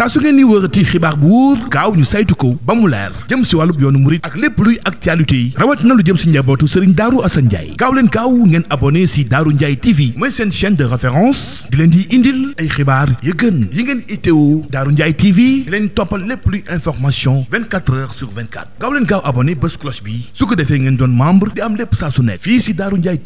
saa su ngeen di wërati xibaar bu wóor gaaw ñu saytu ko ba mu leer jëm si wàllub yoonu murit ak lépp luy actualité yi rawat na lu jëm si njabootu sëriñ Daaru Asan Njaay gaaw leen gaaw ngeen abonné si Daaru Njaay TV mooy seen chaîne de référence di leen di indil ay xibaar yu gën yi ngeen itteewu Daaru Njaay TV di leen toppal lépp luy information 24 heures sur 24 gaaw leen gaaw abonné bés cloche bi su ko defee ngeen doon membre di am lépp saa su ne fii si Daaru Njaay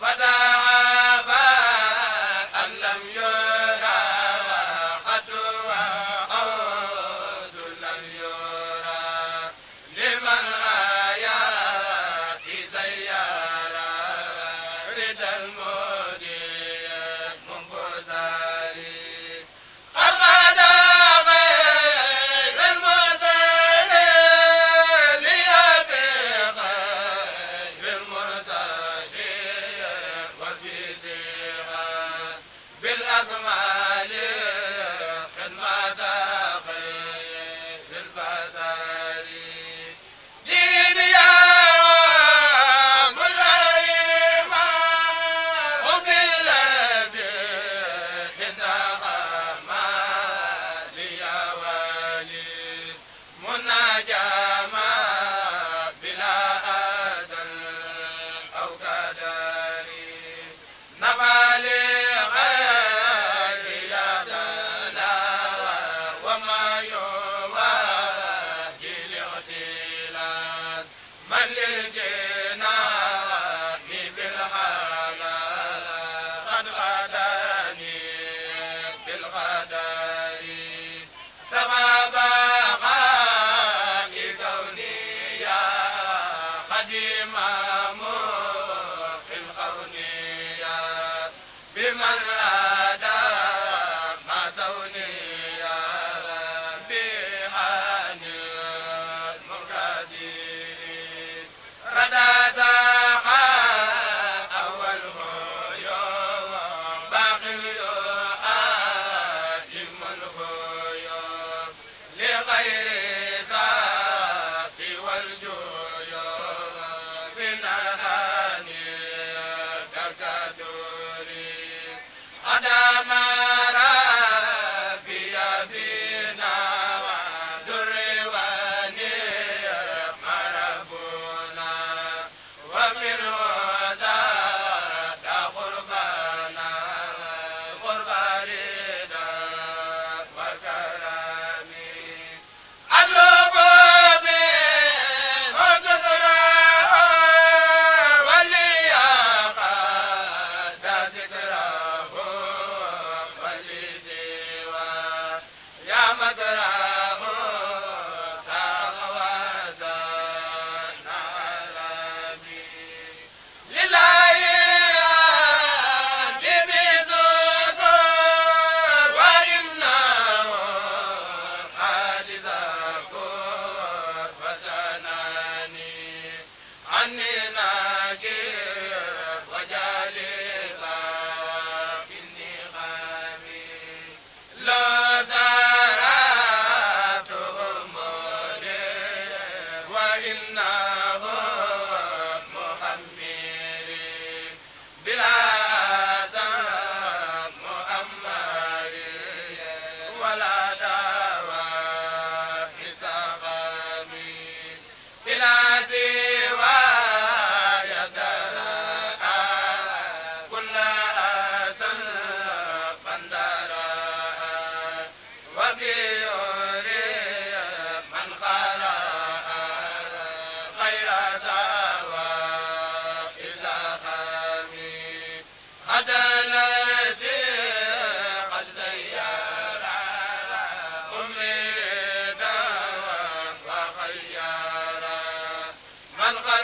fada man Gracias.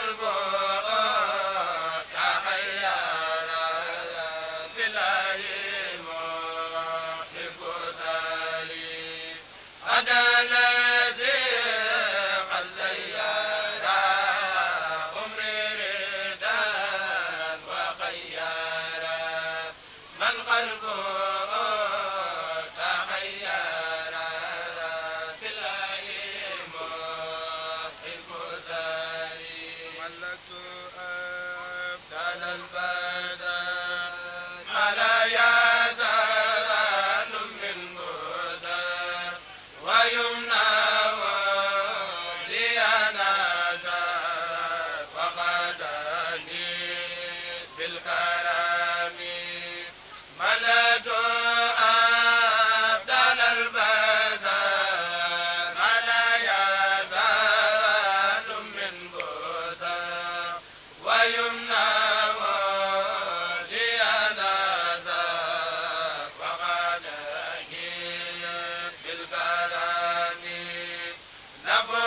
البر على ever.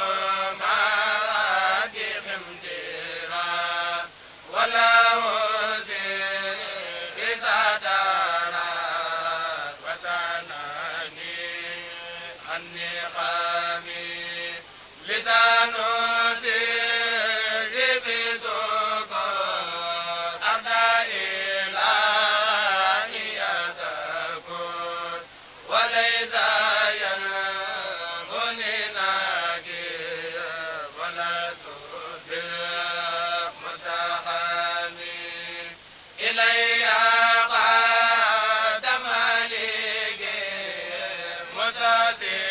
Brasil.